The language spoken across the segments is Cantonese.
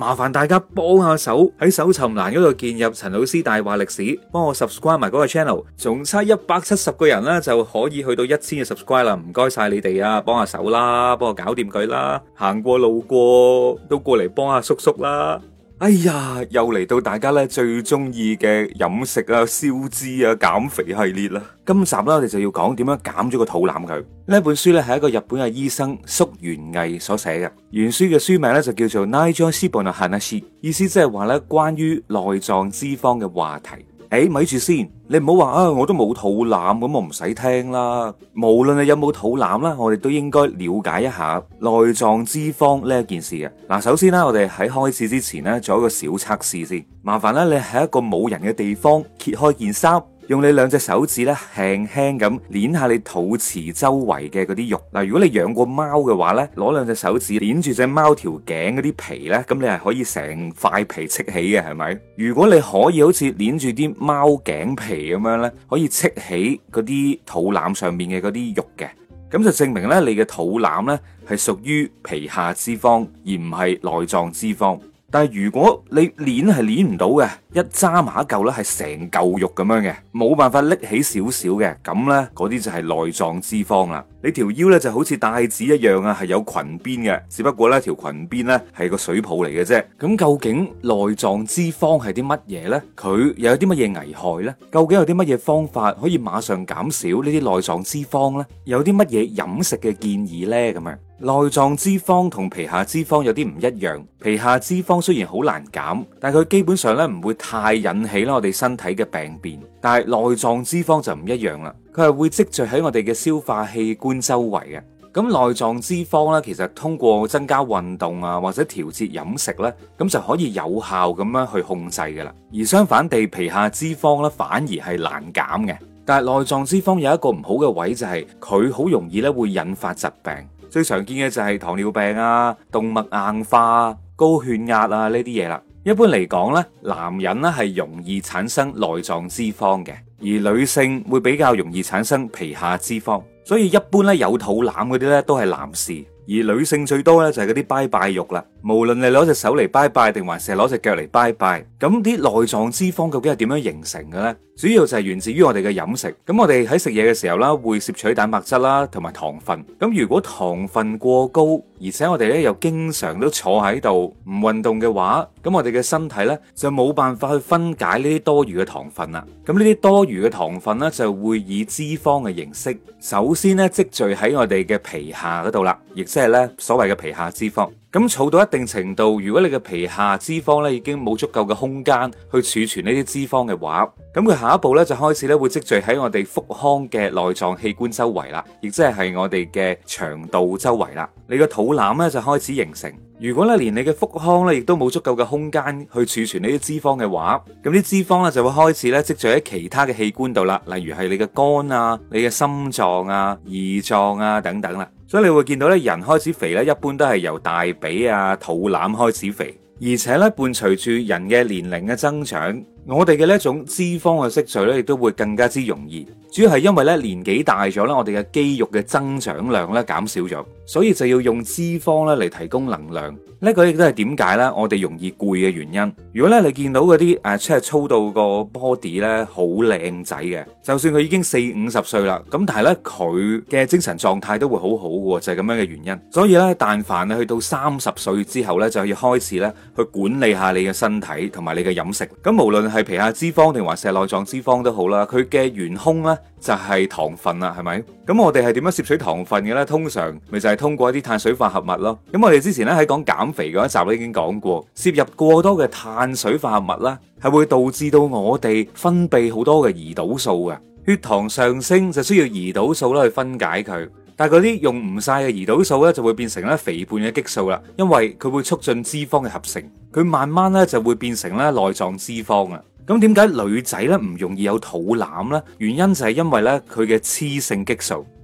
麻煩大家幫下手，喺搜尋欄嗰度建入陳老 C 大話歷史，幫我 subscribe 埋嗰個 channel，仲差一百七十個人咧，就可以去到 1, 一千嘅 subscribe 啦。唔該晒你哋啊，幫下手啦，幫我搞掂佢啦。行過路過都過嚟幫下叔叔啦。哎呀，又嚟到大家咧最中意嘅飲食啊、消脂啊、減肥系列啦！今集咧，我哋就要講點樣減咗個肚腩佢。呢一本書咧係一個日本嘅醫生宿元毅所寫嘅，原書嘅書名咧就叫做《Naizo Shibo no Hanashi》，意思即係話咧關於內臟脂肪嘅話題。誒，咪住先，你唔好話啊，我都冇肚腩，咁我唔使聽啦。無論你有冇肚腩啦，我哋都應該了解一下內臟脂肪呢一件事嘅。嗱，首先呢，我哋喺開始之前呢，做一個小測試先。麻煩咧，你喺一個冇人嘅地方揭開件衫。用你兩隻手指咧，輕輕咁捏下你肚臍周圍嘅嗰啲肉。嗱，如果你養過貓嘅話咧，攞兩隻手指捏住隻貓條頸嗰啲皮咧，咁你係可以成塊皮戚起嘅，係咪？如果你可以好似捏住啲貓頸皮咁樣咧，可以戚起嗰啲肚腩上面嘅嗰啲肉嘅，咁就證明咧你嘅肚腩咧係屬於皮下脂肪而唔係內臟脂肪。但係如果你捏係捏唔到嘅，一揸埋一嚿呢係成嚿肉咁樣嘅，冇辦法拎起少少嘅，咁呢嗰啲就係內臟脂肪啦。你條腰呢就好似帶子一樣啊，係有裙邊嘅，只不過呢條裙邊呢係個水泡嚟嘅啫。咁究竟內臟脂肪係啲乜嘢呢？佢又有啲乜嘢危害呢？究竟有啲乜嘢方法可以馬上減少呢啲內臟脂肪呢？有啲乜嘢飲食嘅建議呢？咁樣？內臟脂肪同皮下脂肪有啲唔一樣，皮下脂肪雖然好難減，但係佢基本上咧唔會太引起咧我哋身體嘅病變。但係內臟脂肪就唔一樣啦，佢係會積聚喺我哋嘅消化器官周圍嘅。咁內臟脂肪咧，其實通過增加運動啊或者調節飲食咧，咁就可以有效咁樣去控制噶啦。而相反地，皮下脂肪咧反而係難減嘅。但係內臟脂肪有一個唔好嘅位就係佢好容易咧會引發疾病。最常見嘅就係糖尿病啊、動脈硬化、高血壓啊呢啲嘢啦。一般嚟講呢，男人呢係容易產生內臟脂肪嘅，而女性會比較容易產生皮下脂肪。所以一般呢，有肚腩嗰啲呢都係男士，而女性最多呢就係嗰啲拜拜肉啦。無論你攞隻手嚟拜拜，定還是攞隻腳嚟拜拜，咁啲內臟脂肪究竟係點樣形成嘅咧？主要就係源自於我哋嘅飲食。咁我哋喺食嘢嘅時候啦，會攝取蛋白質啦，同埋糖分。咁如果糖分過高，而且我哋咧又經常都坐喺度唔運動嘅話，咁我哋嘅身體咧就冇辦法去分解呢啲多餘嘅糖分啦。咁呢啲多餘嘅糖分咧就會以脂肪嘅形式，首先咧積聚喺我哋嘅皮下嗰度啦，亦即係咧所謂嘅皮下脂肪。咁儲到一定程度，如果你嘅皮下脂肪咧已經冇足夠嘅空間去儲存呢啲脂肪嘅話，咁佢下一步咧就開始咧會積聚喺我哋腹腔嘅內臟器官周圍啦，亦即係係我哋嘅腸道周圍啦。你個肚腩咧就開始形成。如果咧連你嘅腹腔咧亦都冇足夠嘅空間去儲存呢啲脂肪嘅話，咁啲脂肪咧就會開始咧積聚喺其他嘅器官度啦，例如係你嘅肝啊、你嘅心臟啊、胰臟啊等等啦。所以你會見到咧，人開始肥咧，一般都係由大髀啊、肚腩開始肥，而且咧，伴隨住人嘅年齡嘅增長。我哋嘅呢一種脂肪嘅積聚咧，亦都會更加之容易。主要係因為咧，年紀大咗咧，我哋嘅肌肉嘅增長量咧減少咗，所以就要用脂肪咧嚟提供能量。這個、呢個亦都係點解咧我哋容易攰嘅原因。如果咧你見到嗰啲誒即係操到個 body 咧好靚仔嘅，就算佢已經四五十歲啦，咁但係咧佢嘅精神狀態都會好好嘅，就係、是、咁樣嘅原因。所以咧，但凡你去到三十歲之後咧，就要開始咧去管理下你嘅身體同埋你嘅飲食。咁無論。係皮下脂肪定還是內臟脂肪都好啦，佢嘅元兇咧就係糖分啦，係咪？咁我哋係點樣攝取糖分嘅咧？通常咪就係通過一啲碳水化合物咯。咁我哋之前咧喺講減肥嗰一集已經講過，攝入過多嘅碳水化合物啦，係會導致到我哋分泌好多嘅胰島素嘅，血糖上升就需要胰島素啦去分解佢。但係嗰啲用唔晒嘅胰島素咧，就會變成咧肥胖嘅激素啦。因為佢會促進脂肪嘅合成，佢慢慢咧就會變成咧內臟脂肪啊。咁點解女仔咧唔容易有肚腩呢？原因就係因為咧佢嘅雌性激素。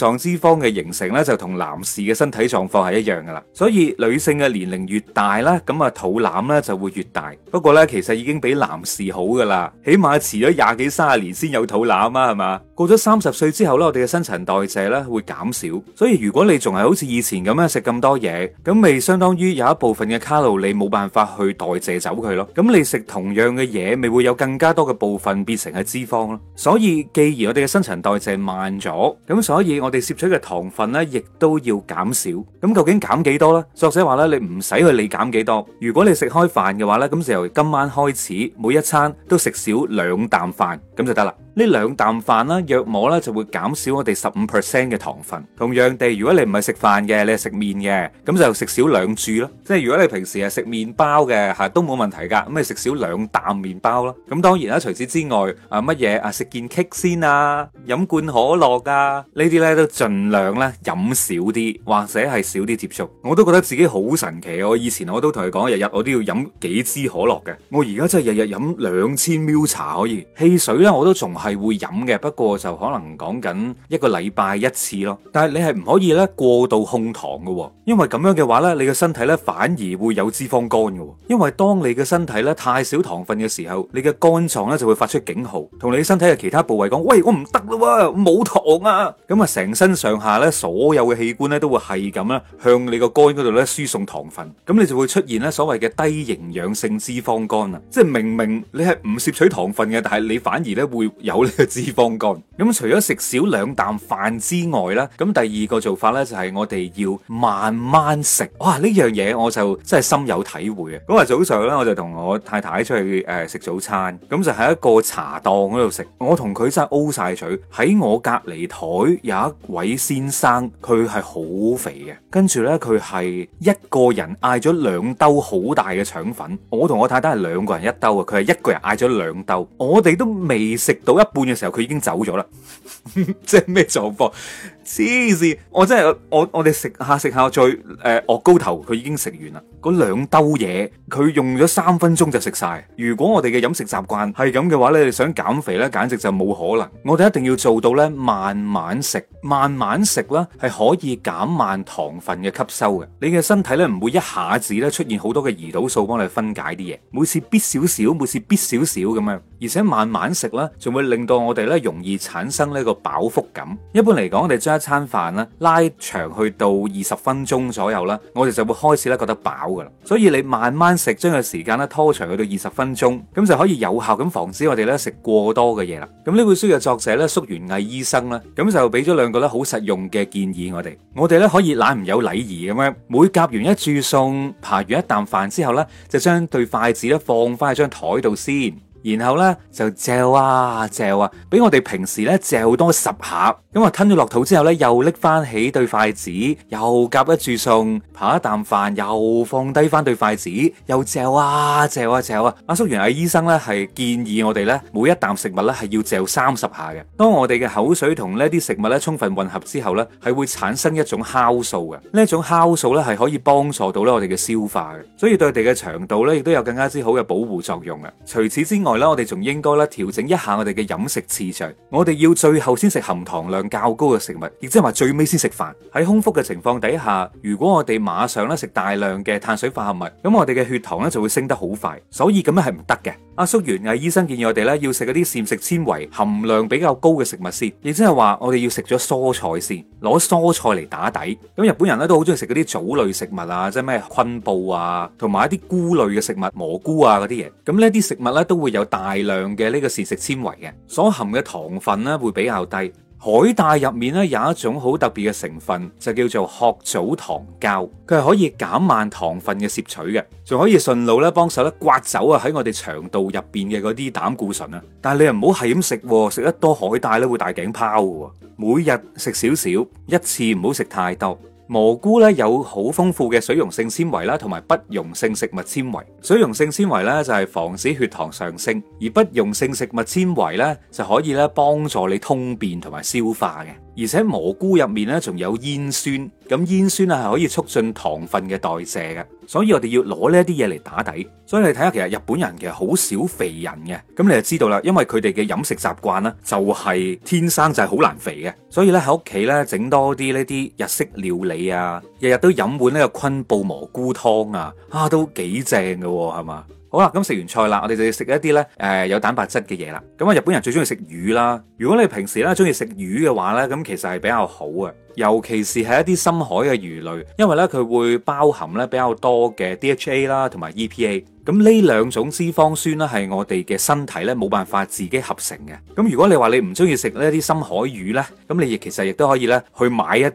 臟脂肪嘅形成咧，就同男士嘅身體狀況係一樣噶啦。所以女性嘅年齡越大咧，咁啊肚腩咧就會越大。不過咧，其實已經比男士好噶啦，起碼遲咗廿幾卅年先有肚腩啊，係嘛？過咗三十歲之後咧，我哋嘅新陳代謝咧會減少。所以如果你仲係好似以前咁樣食咁多嘢，咁咪相當於有一部分嘅卡路里冇辦法去代謝走佢咯。咁你食同樣嘅嘢，咪會有更加多嘅部分變成係脂肪咯。所以既然我哋嘅新陳代謝慢咗，咁所以我。我哋攝取嘅糖分咧，亦都要減少。咁究竟減幾多咧？作者話咧，你唔使去理減幾多。如果你食開飯嘅話咧，咁就由今晚開始，每一餐都食少兩啖飯咁就得啦。呢兩啖飯啦，約莫咧就會減少我哋十五 percent 嘅糖分。同樣地，如果你唔係食飯嘅，你係食麵嘅，咁就食少兩注咯。即係如果你平時係食麵包嘅，嚇都冇問題㗎。咁你食少兩啖麵包啦。咁當然啦，除此之外，啊乜嘢啊食件饅先啊，飲罐可樂啊，呢啲咧～盡量咧飲少啲，或者係少啲接觸。我都覺得自己好神奇。我以前我都同佢講，日日我都要飲幾支可樂嘅。我而家真係日日飲兩千 m l 茶可以。汽水咧，我都仲係會飲嘅，不過就可能講緊一個禮拜一次咯。但係你係唔可以咧過度控糖噶，哦，因為咁樣嘅話咧，你嘅身體咧反而會有脂肪肝噶。因為當你嘅身體咧太少糖分嘅時候，你嘅肝臟咧就會發出警號，同你身體嘅其他部位講：，喂，我唔得啦，冇糖啊！咁啊成。全身上下咧，所有嘅器官咧都會係咁啦，向你個肝嗰度咧輸送糖分，咁你就會出現咧所謂嘅低營養性脂肪肝啊！即係明明你係唔攝取糖分嘅，但係你反而咧會有呢個脂肪肝。咁除咗食少兩啖飯之外咧，咁第二個做法咧就係我哋要慢慢食。哇！呢樣嘢我就真係深有體會啊！咁啊，早上咧我就同我太太出去誒食、呃、早餐，咁就喺一個茶檔嗰度食。我同佢真係 O 晒嘴，喺我隔籬台有一位先生佢係好肥嘅，跟住呢，佢係一個人嗌咗兩兜好大嘅腸粉，我同我太太係兩個人一兜啊，佢係一個人嗌咗兩兜，我哋都未食到一半嘅時候，佢已經走咗啦，即係咩狀況？黐線！我真係我我哋食下食下再誒惡、呃、高頭，佢已經食完啦，嗰兩兜嘢佢用咗三分鐘就食晒。如果我哋嘅飲食習慣係咁嘅話呢，你想減肥呢，簡直就冇可能。我哋一定要做到呢，慢慢食。慢慢食啦，係可以減慢糖分嘅吸收嘅。你嘅身體咧，唔會一下子咧出現好多嘅胰島素幫你分解啲嘢，每次必少少，每次必少少咁樣。而且慢慢食啦，仲會令到我哋咧容易產生呢個飽腹感。一般嚟講，我哋將一餐飯呢拉長去到二十分鐘左右啦，我哋就會開始咧覺得飽噶啦。所以你慢慢食，將個時間咧拖長去到二十分鐘，咁就可以有效咁防止我哋咧食過多嘅嘢啦。咁呢本書嘅作者咧，宿元毅醫生啦，咁就俾咗兩。覺得好實用嘅建議我，我哋我哋咧可以懶唔有禮儀咁樣，每夾完一注餸扒完一啖飯之後咧，就將對筷子咧放翻喺張台度先。然後咧就嚼啊嚼啊，比我哋平時咧嚼多十下。咁啊吞咗落肚之後咧，又拎翻起對筷子，又夾得住餸，扒一啖飯，又放低翻對筷子，又嚼啊嚼啊嚼啊。阿、啊啊、叔原來醫生咧係建議我哋咧，每一啖食物咧係要嚼三十下嘅。當我哋嘅口水同呢啲食物咧充分混合之後咧，係會產生一種酵素嘅。呢一種酵素咧係可以幫助到咧我哋嘅消化嘅，所以對我哋嘅腸道咧亦都有更加之好嘅保護作用啊。除此之外，啦，我哋仲應該啦調整一下我哋嘅飲食次序。我哋要最後先食含糖量較高嘅食物，亦即係話最尾先食飯。喺空腹嘅情況底下，如果我哋馬上咧食大量嘅碳水化合物，咁我哋嘅血糖咧就會升得好快。所以咁樣係唔得嘅。阿叔原毅醫生建議我哋咧要食嗰啲膳食纖維含量比較高嘅食物先，亦即係話我哋要食咗蔬菜先，攞蔬菜嚟打底。咁日本人咧都好中意食嗰啲藻類食物啊，即係咩昆布啊，同埋一啲菇類嘅食物，蘑菇啊嗰啲嘢。咁呢啲食物咧都會有有大量嘅呢個膳食纖維嘅，所含嘅糖分呢會比較低。海帶入面呢有一種好特別嘅成分，就叫做褐藻糖膠，佢係可以減慢糖分嘅攝取嘅，仲可以順路咧幫手咧刮走啊喺我哋腸道入邊嘅嗰啲膽固醇不不啊。但係你又唔好係咁食，食得多海帶咧會大頸泡嘅。每日食少少，一次唔好食太多。蘑菇咧有好豐富嘅水溶性纖維啦，同埋不溶性食物纖維。水溶性纖維咧就係防止血糖上升，而不溶性食物纖維咧就可以咧幫助你通便同埋消化嘅。而且蘑菇入面咧仲有煙酸，咁煙酸啊係可以促進糖分嘅代謝嘅，所以我哋要攞呢一啲嘢嚟打底。所以你睇下其實日本人其實好少肥人嘅，咁你就知道啦，因為佢哋嘅飲食習慣啦，就係天生就係好難肥嘅。所以咧喺屋企咧整多啲呢啲日式料理啊，日日都飲碗呢個昆布蘑菇湯啊，啊都幾正㗎喎、哦，係嘛？好啦，咁食完菜啦，我哋就要食一啲呢，誒、呃，有蛋白質嘅嘢啦。咁啊，日本人最中意食魚啦。如果你平時呢中意食魚嘅話呢，咁其實係比較好嘅，尤其是係一啲深海嘅魚類，因為呢，佢會包含呢比較多嘅 DHA 啦，同埋 EPA。咁呢兩種脂肪酸呢，係我哋嘅身體呢冇辦法自己合成嘅。咁如果你話你唔中意食呢啲深海魚呢，咁你亦其實亦都可以呢，去買一啲誒，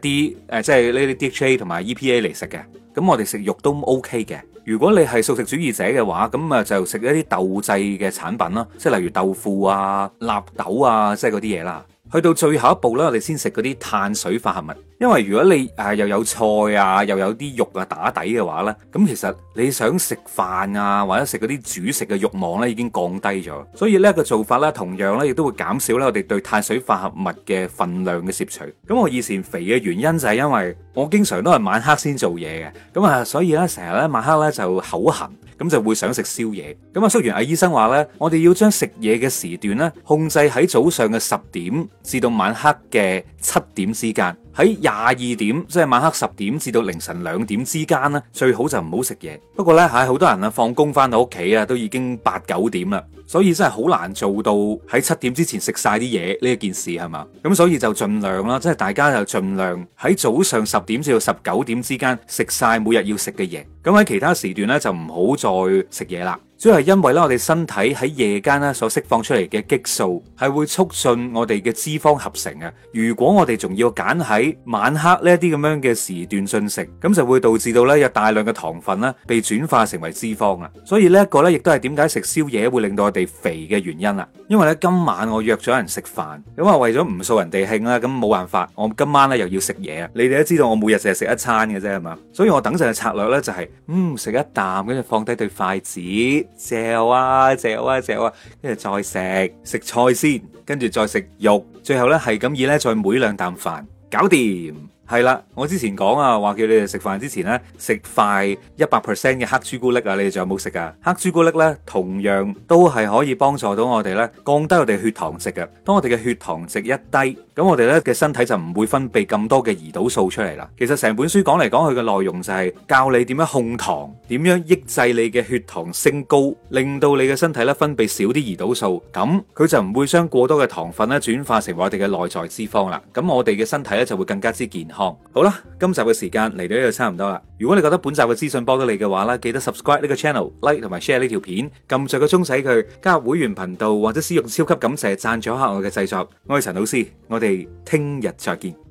即係呢啲 DHA 同埋 EPA 嚟食嘅。咁、就是、我哋食肉都 OK 嘅。如果你係素食主義者嘅話，咁啊就食一啲豆製嘅產品啦，即係例如豆腐啊、納豆啊，即係嗰啲嘢啦。去到最後一步咧，我哋先食嗰啲碳水化合物。因為如果你誒又有菜啊，又有啲肉啊打底嘅話呢，咁其實你想食飯啊，或者煮食嗰啲主食嘅欲望呢，已經降低咗。所以呢一個做法呢，同樣呢，亦都會減少呢我哋對碳水化合物嘅份量嘅攝取。咁我以前肥嘅原因就係因為我經常都係晚黑先做嘢嘅，咁啊，所以呢，成日呢晚黑呢就口痕，咁就會想食宵夜。咁啊，雖然阿醫生話呢，我哋要將食嘢嘅時段呢，控制喺早上嘅十點至到晚黑嘅七點之間。喺廿二點，即係晚黑十點至到凌晨兩點之間呢，最好就唔好食嘢。不過呢，係好多人啊，放工返到屋企啊，都已經八九點啦，所以真係好難做到喺七點之前食晒啲嘢呢一件事係嘛？咁所以就盡量啦，即係大家就盡量喺早上十點至到十九點之間食晒每日要食嘅嘢。咁喺其他時段咧就唔好再食嘢啦，主要係因為咧我哋身體喺夜間咧所釋放出嚟嘅激素係會促進我哋嘅脂肪合成嘅。如果我哋仲要揀喺晚黑呢一啲咁樣嘅時段進食，咁就會導致到咧有大量嘅糖分咧被轉化成為脂肪啊。所以呢一個咧亦都係點解食宵夜會令到我哋肥嘅原因啦。因為咧今晚我約咗人食飯為為人，咁啊為咗唔掃人哋興啊，咁冇辦法，我今晚咧又要食嘢啊。你哋都知道我每日淨係食一餐嘅啫，係嘛？所以我等陣嘅策略咧就係、是。嗯，食一啖，跟住放低對筷子，嚼啊嚼啊嚼啊，跟住、啊啊啊、再食食菜先，跟住再食肉，最後呢，係咁以呢，再每兩啖飯搞掂係啦。我之前講啊，話叫你哋食飯之前呢，食塊一百 percent 嘅黑朱古力啊，你哋仲有冇食啊？黑朱古力呢，同樣都係可以幫助到我哋呢，降低我哋血糖值嘅。當我哋嘅血糖值一低，咁我哋咧嘅身體就唔會分泌咁多嘅胰島素出嚟啦。其實成本書講嚟講去嘅內容就係教你點樣控糖，點樣抑制你嘅血糖升高，令到你嘅身體咧分泌少啲胰島素。咁佢就唔會將過多嘅糖分咧轉化成為我哋嘅內在脂肪啦。咁我哋嘅身體咧就會更加之健康。好啦，今集嘅時間嚟到呢度差唔多啦。如果你覺得本集嘅資訊幫到你嘅話咧，記得 subscribe 呢個 channel，like 同埋 share 呢條片，撳著個鐘使佢加入會員頻道或者使用超級感謝贊助一下我嘅製作。我係陳老 C，我哋。我哋聽日再見。